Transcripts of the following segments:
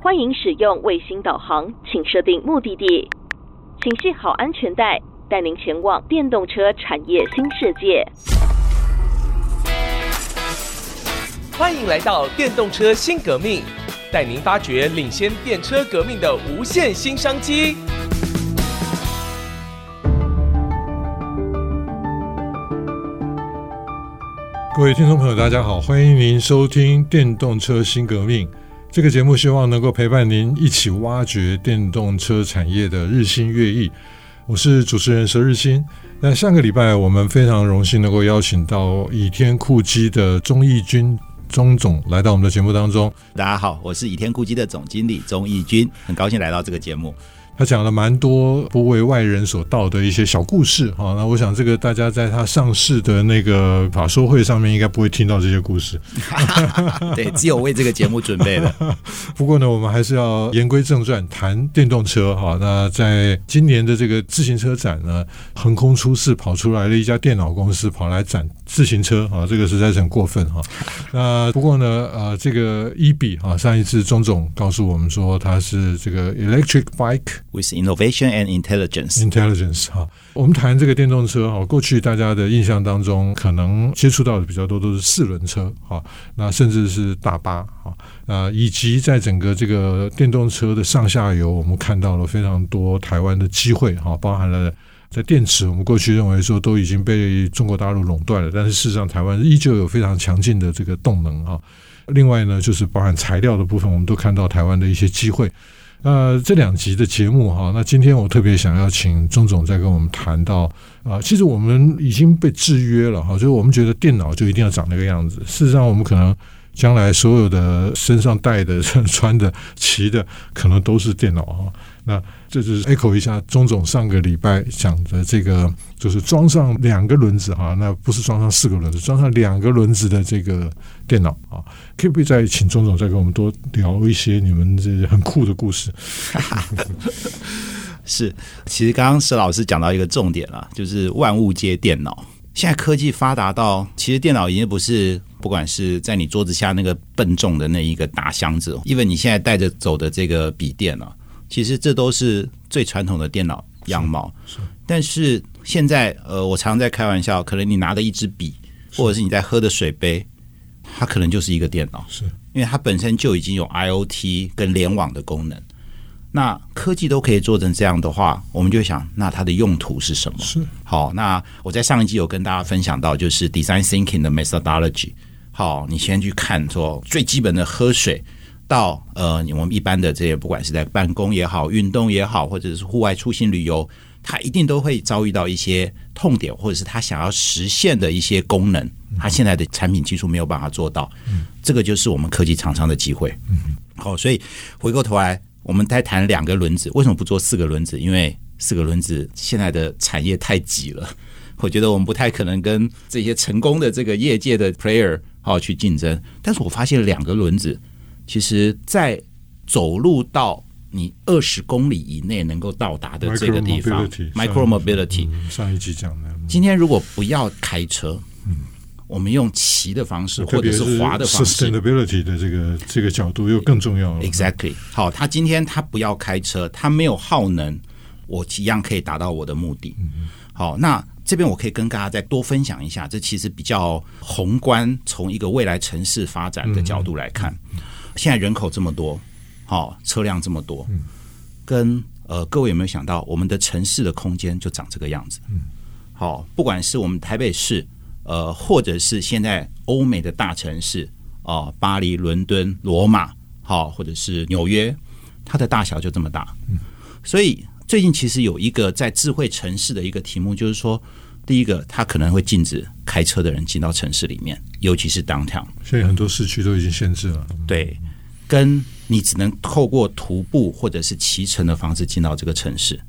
歡迎使用衛星導航，請設定目的地，請繫好安全帶，帶您前往電動車產業新世界。歡迎來到電動車新革命，帶您發掘領先電車革命的無限新商機。各位聽眾朋友，大家好，歡迎您收聽電動車新革命。這個節目希望能夠陪伴您一起挖掘電動車產業的日新月異。我是主持人佘日新。那下個禮拜，我們非常榮幸能夠邀請到倚天酷碁的鍾逸鈞鍾總來到我們的節目當中。大家好，我是倚天酷碁的總經理鍾逸鈞，很高興來到這個節目。他講了蠻多不為外人所道的一些小故事啊，那我想這個大家在他上市的那個法說會上面應該不會聽到這些故事， 對，只有為這個節目準備的。 不過呢，我們還是要言歸正傳，談電動車哈。那在今年的這個自行車展呢，橫空出世跑出來了一家電腦公司跑來展自行車啊，這個實在是很過分哈。那不過呢，呃，這個 EB 啊，上一次鍾總告訴我們說他是這個 electric bike。with innovation and intelligence. intelligence 哈、啊，我們談這個電動車哈，過去大家的印象當中，可能接觸到的比較多都是四輪車哈、啊，那甚至是大巴啊，那以及在整個這個電動車的上下游，我們看到了非常多台灣的機會哈、啊，包含了在電池，我們過去認為說都已經被中國大陸壟斷了，但是事實上台灣依舊有非常強勁的這個動能啊。另外呢，就是包含材料的部分，我們都看到台灣的一些機會。呃，這兩集的節目哈，那今天我特別想要請鍾總再跟我們談到啊，呃，其實我們已經被制約了哈，就是我們覺得電腦就一定要長那個樣子，事實上我們可能。將來所有的身上帶的、穿的、騎的，可能都是電腦啊。那這就是 echo 一下鍾總上個禮拜講的這個，就是裝上兩個輪子哈，那不是裝上四個輪子，裝上兩個輪子的這個電腦啊。可不可以再請鍾總再跟我們多聊一些你們這些很酷的故事？ 是，其實剛剛石老師講到一個重點了啊，就是萬物皆電腦。現在科技發達到，其實電腦已經不是。不管是在你桌子下那個笨重的那一個大箱子，因為你現在帶着走的這個筆電啊，其實這都是最傳統的電腦樣貌。但是現在，呃，我常在開玩笑，可能你拿的一支筆，或者是你在喝的水杯，它可能就是一個電腦，是因為它本身就已經有 IOT 跟聯網的功能。那科技都可以做成這樣的話，我們就想，那它的用途是什麼？是，好，那我在上一集有跟大家分享到，就是 Design Thinking 的 Methodology。好，你先去看，說最基本的喝水到，到呃，我們一般的這些，不管是在辦公也好，運動也好，或者是戶外出行旅遊，他一定都會遭遇到一些痛點，或者是他想要實現的一些功能，他現在的產品技術沒有辦法做到。嗯，這個就是我們科技廠商的機會。嗯，好，所以回過頭來，我們再談兩個輪子，為什麼不做四個輪子？因為四個輪子現在的產業太擠了，我覺得我們不太可能跟這些成功的這個業界的 player。要去競爭，但是我發現兩個輪子，其實在走路到你二十公里以內能夠到達的這個地方，micro mobility。上一集講的，今天如果不要開車，嗯、我們用騎的方式、嗯、或者是滑的方式，sustainability 的這個這個角度又更重要了。Exactly，好，他今天他不要開車，他沒有耗能，我一樣可以達到我的目的。嗯、好，那。這邊我可以跟大家再多分享一下，這其實比較宏觀，從一個未來城市發展的角度來看，嗯嗯、現在人口這麼多，好、哦、車輛這麼多，跟呃各位有沒有想到，我們的城市的空間就長這個樣子？好、嗯哦，不管是我們台北市，呃，或者是現在歐美的大城市啊、呃，巴黎、倫敦、羅馬，好、哦，或者是紐約，它的大小就這麼大，嗯、所以。最近其實有一個在智慧城市的一個題目，就是說，第一個，他可能會禁止開車的人進到城市裡面，尤其是 downtown。現在很多市區都已經限制了，對，跟你只能透過徒步或者是騎乘的方式進到這個城市。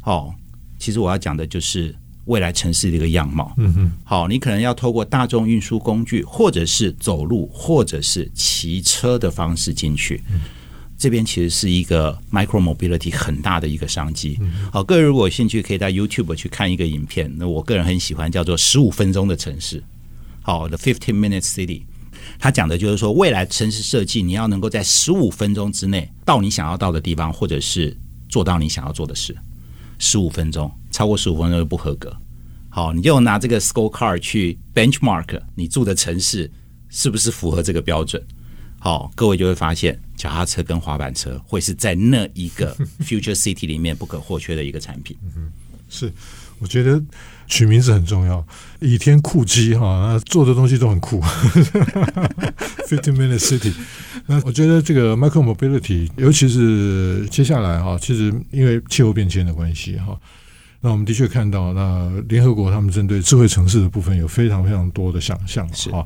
好、哦，其實我要講的就是未來城市的一個樣貌。嗯嗯。好、哦，你可能要透過大眾運輸工具，或者是走路，或者是騎車的方式進去。嗯這邊其實是一個 micro mobility 很大的一個商機。好，各位如果有興趣，可以到 YouTube 去看一個影片。那我個人很喜歡叫做《十五分鐘的城市》好。好，The Fifteen Minutes City。他講的就是說，未來城市設計，你要能夠在十五分鐘之內到你想要到的地方，或者是做到你想要做的事。十五分鐘，超過十五分鐘就不合格。好，你就拿這個 Scorecard 去 Benchmark 你住的城市是不是符合這個標準。好、哦，各位就會發現腳踏車跟滑板車會是在那一個 Future City 裡面不可或缺的一個產品。嗯，是，我覺得取名字很重要。倚天酷碁，哈、啊，做的東西都很酷。Fifteen minute city， 那我覺得這個 micro mobility，尤其是接下來哈，其實因為氣候變遷的關係哈，那我們的確看到，那聯合國他們針對智慧城市的部分有非常非常多的想象啊。是哦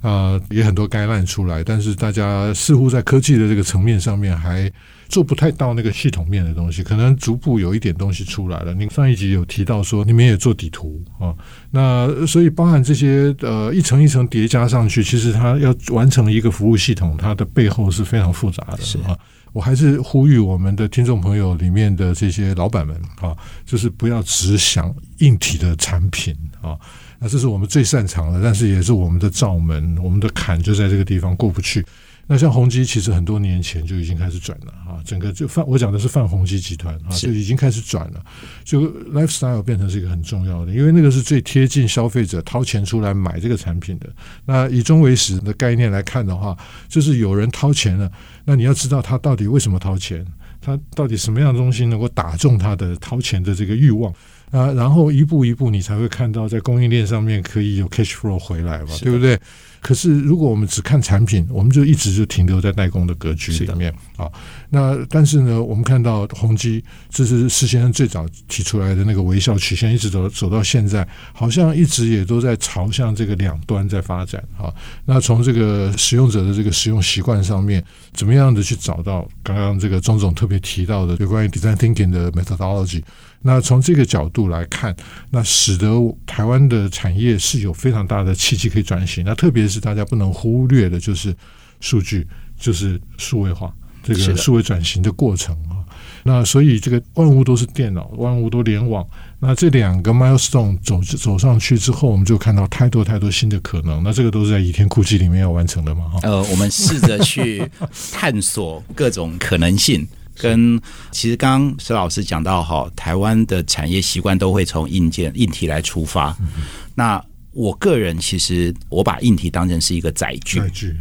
啊、呃，也很多概念出來，但是大家似乎在科技的這個層面上面還做不太到那個系統面的東西，可能逐步有一點東西出來了。您上一集有提到說你們也做底圖啊、哦，那所以包含這些呃一層一層疊加上去，其實它要完成一個服務系統，它的背後是非常複雜的是吧、啊？我還是呼籲我們的聽眾朋友裡面的這些老闆們啊，就是不要只想硬體的產品啊。那這是我們最擅長的，但是也是我們的罩門，我們的坎就在這個地方過不去。那像宏碁，其實很多年前就已經開始轉了啊，整個就泛，我講的是泛宏碁集團啊，就已經開始轉了，就 lifestyle 變成是一個很重要的，因為那個是最貼近消費者掏錢出來買這個產品的。那以終為始的概念來看的話，就是有人掏錢了，那你要知道他到底為什麼掏錢，他到底什麼樣的東西能夠打中他的掏錢的這個慾望。啊，然後一步一步，你才會看到在供應鏈上面可以有 cash flow 回來嘛，對不對？可是如果我們只看產品，我們就一直就停留在代工的格局裡面啊。那但是呢，我們看到宏碁，這是施先生最早提出來的那個微笑曲線，一直走走到現在，好像一直也都在朝向這個兩端在發展啊。那從這個使用者的這個使用習慣上面，怎麼樣的去找到，剛剛這個鍾總特別提到的，有關於 design thinking 的 methodology。那從這個角度來看，那使得台灣的產業是有非常大的契機可以轉型。那特別是大家不能忽略的，就是數據，就是數位化這個數位轉型的過程啊。那所以這個萬物都是電腦，萬物都聯網。那這兩個 milestone 走走上去之後，我們就看到太多太多新的可能。那這個都是在倚天酷碁裡面要完成的嘛？哈。呃，我們試着去探索各種可能性。 跟其實剛剛石老師講到哈，台灣的產業習慣都會從硬件、硬體來出發。嗯。那我個人其實，我把硬體當成是一個載具，載、嗯、具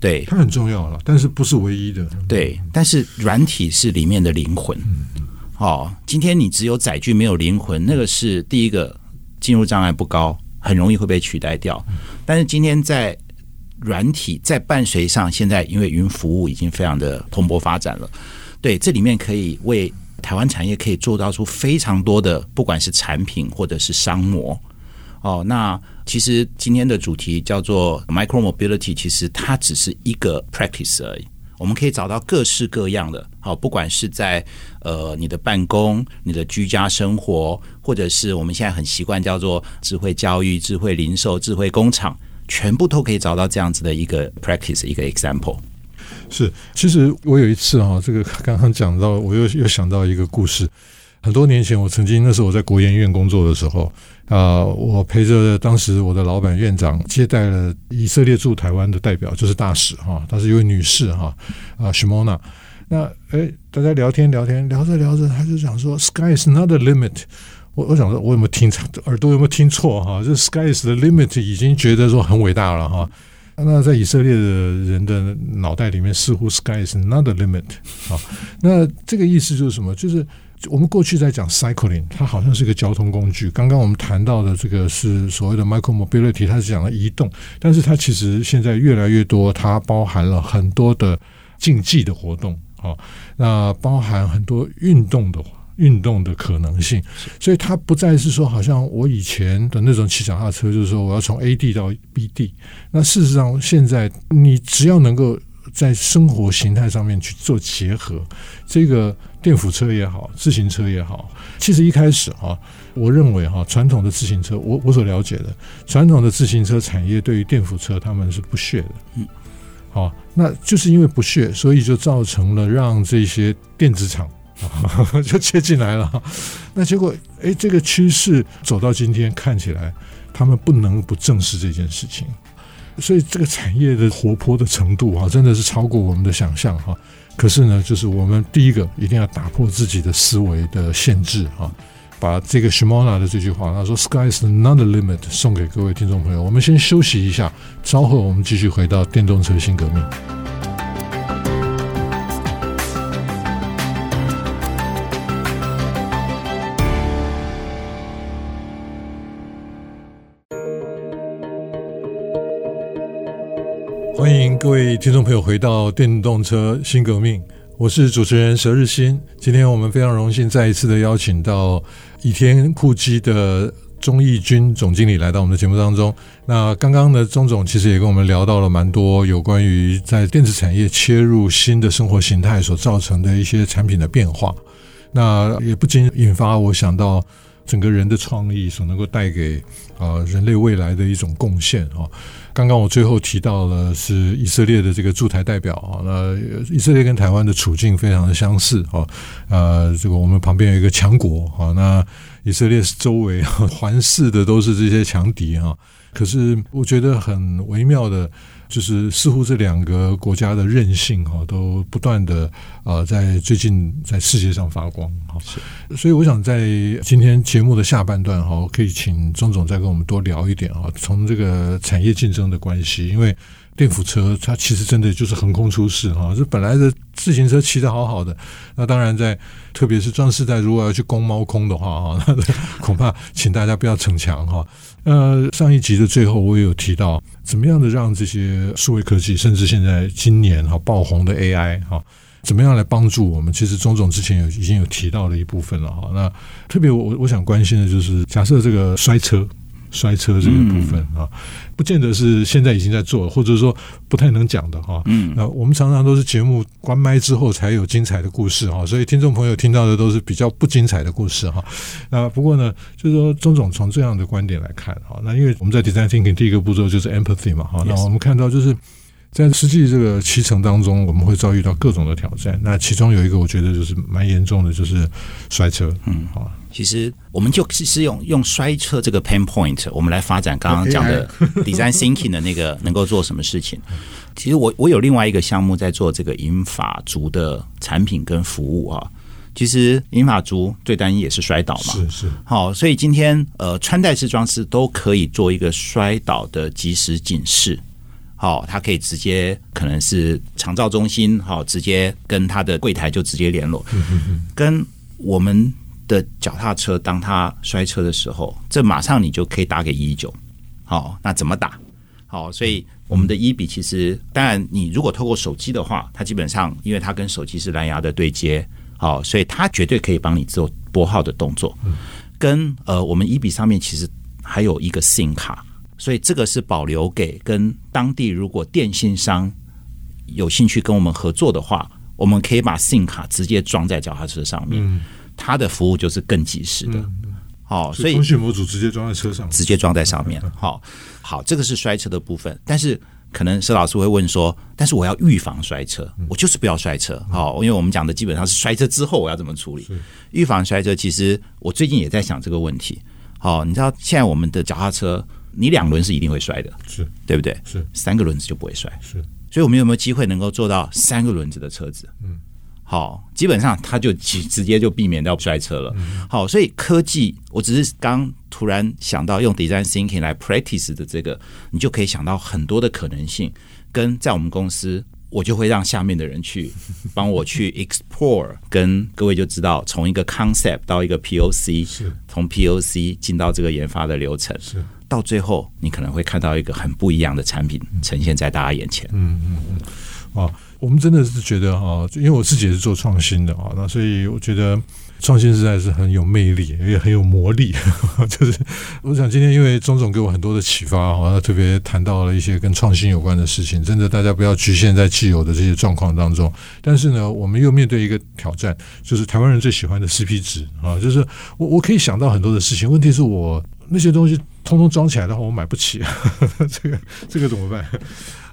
對，它很重要了，但是不是唯一的。對，嗯、但是軟體是裡面的靈魂。嗯，好、哦，今天你只有載具沒有靈魂，那個是第一個進入障礙不高，很容易會被取代掉。嗯、但是今天在軟體在伴隨上，現在因為雲服務已經非常的蓬勃發展了。對，這裡面可以為台灣產業可以做到出非常多的，不管是產品或者是商模哦。那其實今天的主題叫做 micro mobility，其實它只是一個 practice 而已。我們可以找到各式各樣的好、哦，不管是在呃你的辦公、你的居家生活，或者是我們現在很習慣叫做智慧教育、智慧零售、智慧工廠，全部都可以找到這樣子的一個 practice，一個 example。是，其實我有一次哈、哦，這個剛剛講到，我又又想到一個故事。很多年前，我曾經那時候我在國研院工作的時候，啊、呃，我陪着當時我的老板院長接待了以色列駐台灣的代表，就是大使哈、哦，她是一位女士哈，啊 Shmona 那哎，大家聊天聊天聊着聊着，他就講說，Sky is not the limit. 我。我我想說，我有沒有聽耳朵有沒有聽錯哈？這、啊、Sky is the limit 已經覺得說很偉大了哈。啊那在以色列的人的腦袋裡面，似乎 sky is another limit。好，那這個意思就是什麼？就是我們過去在講 cycling，它好像是個交通工具。剛剛我們談到的這個是所謂的 micro mobility，它是講了移動，但是它其實現在越來越多，它包含了很多的競技的活動。好，那包含很多運動的話。運動的可能性，所以它不再是說好像我以前的那種騎腳踏車，就是說我要從 A 地到 B 地。那事實上，現在你只要能夠在生活形態上面去做結合，這個電輔車也好，自行車也好，其實一開始啊，我認為哈，傳統的自行車，我我所了解的，傳統的自行車產業對於電輔車他們是不屑的。嗯，好，那就是因為不屑，所以就造成了讓這些電子廠。 就切進來了，那結果，誒，這個趨勢走到今天，看起來他們不能不正視這件事情。所以，這個產業的活潑的程度哈，真的是超過我們的想象哈。可是呢，就是我們第一個一定要打破自己的思維的限制哈，把這個 Shimona 的這句話，他說 “Sky is not the limit”，送給各位聽眾朋友。我們先休息一下，稍後我們繼續回到電動車新革命。聽眾朋友，回到電動車新革命，我是主持人佘日新。今天我們非常榮幸再一次的邀請到倚天酷碁的鍾逸鈞總經理來到我們的節目當中。那剛剛呢，鍾總其實也跟我們聊到了蠻多有關於在電子產業切入新的生活形態所造成的一些產品的變化，那也不禁引發我想到。整個人的創意所能夠帶給啊人類未來的一種貢獻啊，剛剛我最後提到了是以色列的這個駐台代表啊，那以色列跟台灣的處境非常的相似啊，呃，這個我們旁邊有一個強國啊，那以色列周圍環伺的都是這些強敵啊。可是我覺得很微妙的，就是似乎這兩個國家的韌性哈都不斷的啊，在最近在世界上發光。所以我想在今天節目的下半段哈，可以請鍾總再跟我們多聊一點哈，從這個產業競爭的關係，因為電輔車它其實真的就是橫空出世哈，這本來的自行車騎得好好的，那當然在特別是壯士在如果要去攻貓空的話啊，恐怕請大家不要逞強哈。呃，上一集的最後我也有提到，怎麼樣的讓這些數位科技，甚至現在今年哈、哦、爆紅的 AI 哈、哦，怎麼樣來幫助我們？其實鍾總之前有已經有提到的一部分了哈、哦。那特別我我我想關心的就是，假設這個摔車、摔車這個部分啊。嗯哦不見得是現在已經在做了，或者說不太能講的哈。嗯，那我們常常都是節目關麥之後才有精彩的故事哈，所以聽眾朋友聽到的都是比較不精彩的故事哈。那不過呢，就是說鍾總從這樣的觀點來看哈，那因為我們在 design thinking 第一個步驟就是 empathy 嘛哈，那我們看到就是。在實際這個騎乘當中，我們會遭遇到各種的挑戰。那其中有一個，我覺得就是蠻嚴重的，就是摔車。嗯，好，其實我們就是用用摔車這個 pain point，我們來發展剛剛講的 design thinking 的那個能夠做什麼事情。其實我我有另外一個項目在做這個銀髮族的產品跟服務啊。其實銀髮族最擔心也是摔倒嘛，是是。好，所以今天呃，穿戴式裝置都可以做一個摔倒的及時警示。好，他可以直接可能是長照中心，好，直接跟他的櫃台就直接聯絡。跟我們的腳踏車，當他摔車的時候，這馬上你就可以打給一一九。好，那怎麼打？好，所以我們的一比其實，當然你如果透過手機的話，它基本上因為它跟手機是藍牙的對接，好，所以它絕對可以幫你做撥號的動作。跟呃，我們一比上面其實還有一個 SIM 卡。所以這個是保留給，跟當地如果電信商有興趣跟我們合作的話，我們可以把 SIM 卡直接裝在腳踏車上面，它的服務就是更及時的。好，嗯。好，所以通訊模組直接裝在車上，直接裝在上面。好，好，這個是摔車的部分。但是可能施老師會問說，但是我要預防摔車，我就是不要摔車。好，因為我們講的基本上是摔車之後我要怎麼處理。預防摔車，其實我最近也在想這個問題。好，你知道現在我們的腳踏車。你兩輪是一定會摔的，嗯、是對不對？是三個輪子就不會摔。是，所以我們有沒有機會能夠做到三個輪子的車子？嗯，好，基本上他就直直接就避免掉摔車了、嗯。好，所以科技，我只是剛突然想到用 design thinking 來 practice 的這個，你就可以想到很多的可能性。跟在我們公司，我就會讓下面的人去幫我去 explore、嗯、跟各位就知道從一個 concept 到一個 POC，是，從 POC 進到這個研發的流程，是。到最後，你可能會看到一個很不一樣的產品呈現在大家眼前嗯。嗯嗯嗯，啊，我們真的是覺得啊，因為我自己也是做創新的啊，那所以我覺得創新實在是很有魅力，也很有魔力。啊，就是我想今天因為鍾總總給我很多的啟發啊，特別談到了一些跟創新有關的事情。真的，大家不要局限在既有的這些狀況當中。但是呢，我們又面對一個挑戰，就是台灣人最喜歡的 CP 值啊，就是我我可以想到很多的事情。問題是我。那些東西通通裝起來的話，我買不起。 這個這個怎麼辦？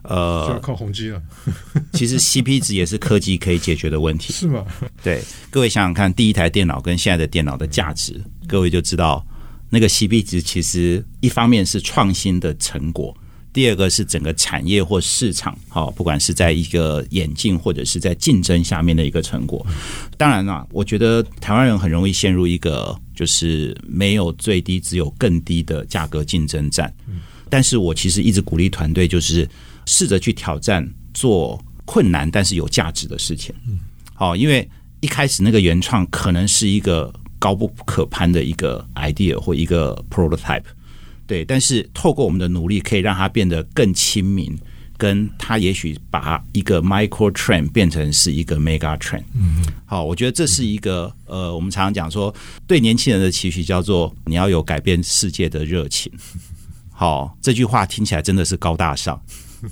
呃，就要靠宏碁了。 其實 CP 值也是科技可以解決的問題，是嗎？對，各位想想看，第一台電腦跟現在的電腦的價值，各位就知道那個 CP 值其實一方面是創新的成果，第二個是整個產業或市場，哈，不管是在一個演進或者是在競爭下面的一個成果。當然啦、啊，我覺得台灣人很容易陷入一個。就是沒有最低，只有更低的價格競爭戰。但是我其實一直鼓勵團隊，就是試着去挑戰做困難但是有價值的事情。嗯，好，因為一開始那個原創可能是一個高不可攀的一個 idea 或一個 prototype，對，但是透過我們的努力，可以讓它變得更親民。跟他也許把一個 micro trend 變成是一個 mega trend。好，我覺得這是一個呃，我們常常講說對年輕人的期許，叫做你要有改變世界的熱情。好，這句話聽起來真的是高大上，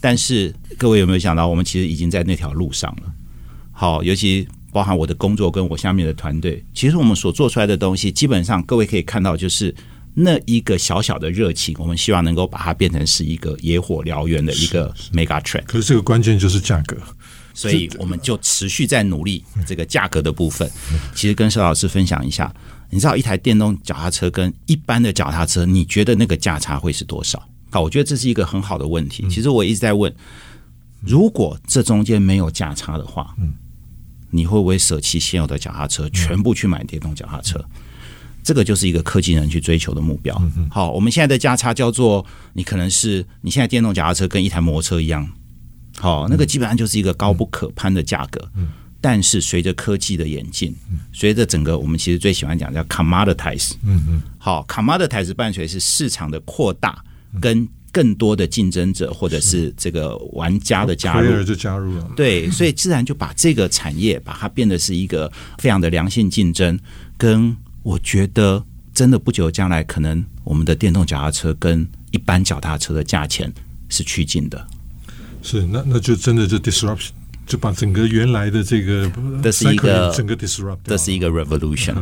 但是各位有沒有想到，我們其實已經在那條路上了？好，尤其包含我的工作跟我下面的團隊，其實我們所做出來的東西，基本上各位可以看到就是。那一個小小的熱情，我們希望能夠把它變成是一個野火燎原的一個 mega trend。可是，這個關鍵就是價格，所以我們就持續在努力這個價格的部分。嗯、其實，跟邵老師分享一下，你知道一台電動腳踏車跟一般的腳踏車，你覺得那個價差會是多少？啊，我覺得這是一個很好的問題。其實，我一直在問，如果這中間沒有價差的話，你會不會捨棄現有的腳踏車，全部去買電動腳踏車？嗯嗯這個就是一個科技人去追求的目標。嗯、好，我們現在的價差叫做你可能是你現在電動腳踏車跟一台摩托車一樣，好，那個基本上就是一個高不可攀的價格，嗯嗯。但是隨着科技的演進，隨、嗯、着整個我們其實最喜歡講叫 commoditise。嗯嗯。好，commoditise 伴隨是市場的擴大跟更多的競爭者或者是這個玩家的加入就加入了。對，所以自然就把這個產業把它變得是一個非常的良性競爭跟我覺得真的不久將來，可能我們的電動腳踏車跟一般腳踏車的價錢是趨近的。是,那那就真的就 disruption，就把整個原來的這個 cycle，這是一個整個 disruption，這是一個 revolution。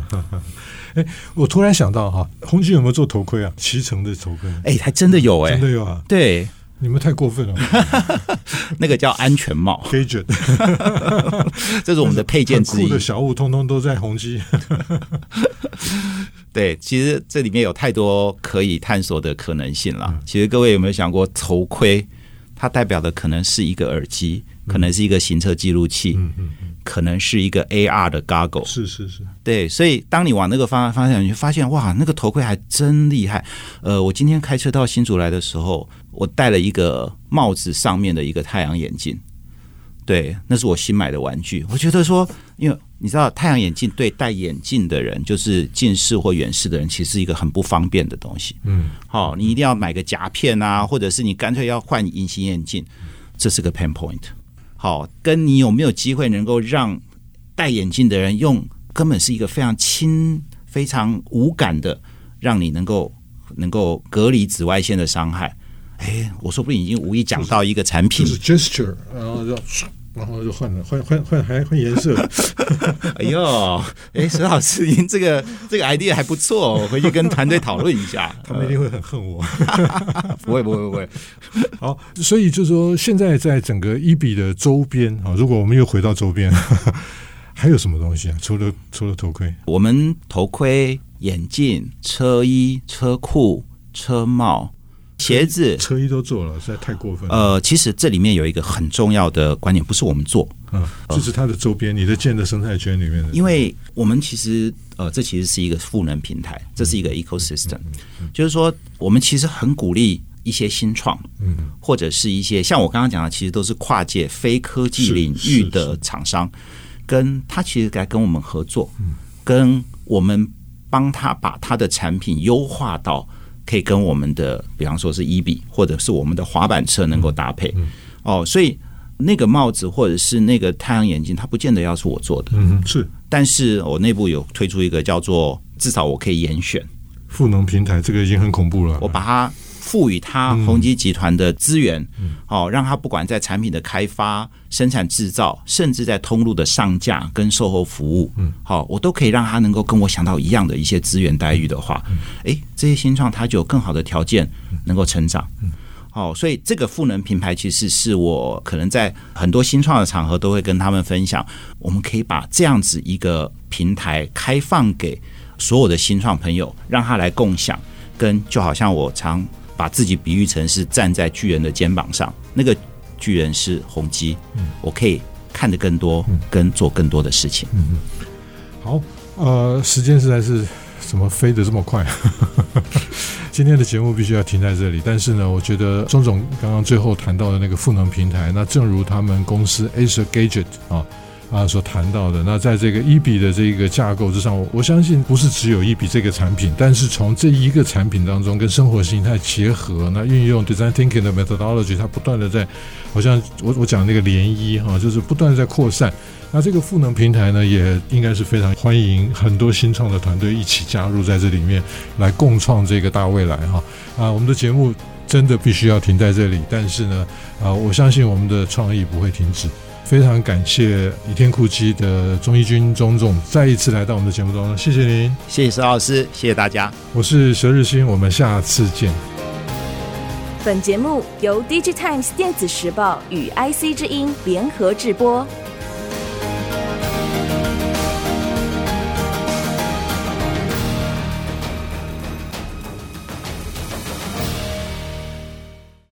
哎、 欸，我突然想到哈，宏碁有沒有做頭盔啊？騎乘的頭盔？哎、欸，還真的有、欸，哎，真的有啊。對。你們太過分了！ 那個叫安全帽，gadget， 這是我們的配件之一。小物通通都在宏碁。對，其實這裡面有太多可以探索的可能性了。其實各位有沒有想過，頭盔它代表的可能是一個耳機，可能是一個行車記錄器，嗯，可能是一個 AR 的 goggle。是是是，對。所以當你往那個方方向，你就發現哇，那個頭盔還真厲害。呃，我今天開車到新竹來的時候，我戴了一個帽子，上面的一個太陽眼鏡，對，那是我新買的玩具。我覺得說，因為你知道，太陽眼鏡對戴眼鏡的人，就是近視或遠視的人，其實是一個很不方便的東西。嗯，好，你一定要買個夾片啊，或者是你乾脆要換隱形眼鏡，這是個 pain point。好，跟你有沒有機會能夠讓戴眼鏡的人用，根本是一個非常輕、非常無感的，讓你能夠能夠隔離紫外線的傷害。哎，我說，不定已經無意講到一個產品，就是，就是 gesture，然後就，然後就換了，換換換，還換，換顏色。 哎呦，哎，沈老師，您這個這個 idea 還不錯，我回去跟團隊討論一下。他們一定會很恨我。 不會不會不會。好，所以就是說，現在在整個 EB 的周邊啊、哦，如果我們又回到周邊，還有什麼東西啊？除了除了頭盔，我們頭盔、眼鏡、車衣、車褲、車褲、車帽。鞋子車衣都做了，實在太過分了。呃，其實這裡面有一個很重要的觀點，不是我們做，啊、就是它的周邊，你的建的生態圈裡面的。因為我們其實，呃，這其實是一個賦能平台，這是一個 ecosystem，嗯嗯嗯嗯、就是說，我們其實很鼓勵一些新創，嗯，或者是一些像我剛剛講的，其實都是跨界非科技領域的廠商，跟他其實該跟我們合作、嗯，跟我們幫他把他的產品優化到。可以跟我們的，比方說是 EB，或者是我們的滑板車能夠搭配，嗯嗯，哦，所以那個帽子或者是那個太陽眼鏡，它不見得要是我做的，嗯哼，是，但是我內部有推出一個叫做，至少我可以嚴選賦能平台，這個已經很恐怖了，我把它。賦予他宏碁集團的資源，好、嗯哦，讓他不管在產品的開發、生產製造，甚至在通路的上架跟售後服務，好、嗯哦，我都可以讓他能夠跟我想到一樣的一些資源待遇的話，誒、嗯欸，這些新創他就有更好的條件能夠成長，好、嗯嗯哦，所以這個賦能平台其實是我可能在很多新創的場合都會跟他們分享，我們可以把這樣子一個平台開放給所有的新創朋友，讓他來共享，跟就好像我常把自己比喻成是站在巨人的肩膀上，那個巨人是宏碁、嗯，我可以看得更多，嗯、跟做更多的事情。嗯、好，呃，時間實在是怎麼飛得這麼快？ 今天的節目必須要停在這裡，但是呢，我覺得鍾總剛剛最後談到的那個賦能平台，那正如他們公司 Acer Gadget 啊。啊，所談到的那，在這個一筆的這個架構之上我，我相信不是只有一筆這個產品，但是從這一個產品當中跟生活形態結合，那運用 design thinking 的 methodology，它不斷的在，好像我我講那個漣漪哈，啊，就是不斷的在擴散。那這個賦能平台呢，也應該是非常歡迎很多新創的團隊一起加入在這裡面來共創這個大未來哈。啊，我們的節目真的必須要停在這裡，但是呢，啊，我相信我們的創意不會停止。非常感謝倚天酷碁的鍾逸鈞鍾總、總再一次來到我們的節目中，謝謝您，謝謝佘老師，謝謝大家，我是佘日新，我們下次見。本節目由 DigiTimes 電子時報與 IC 之音聯合製播。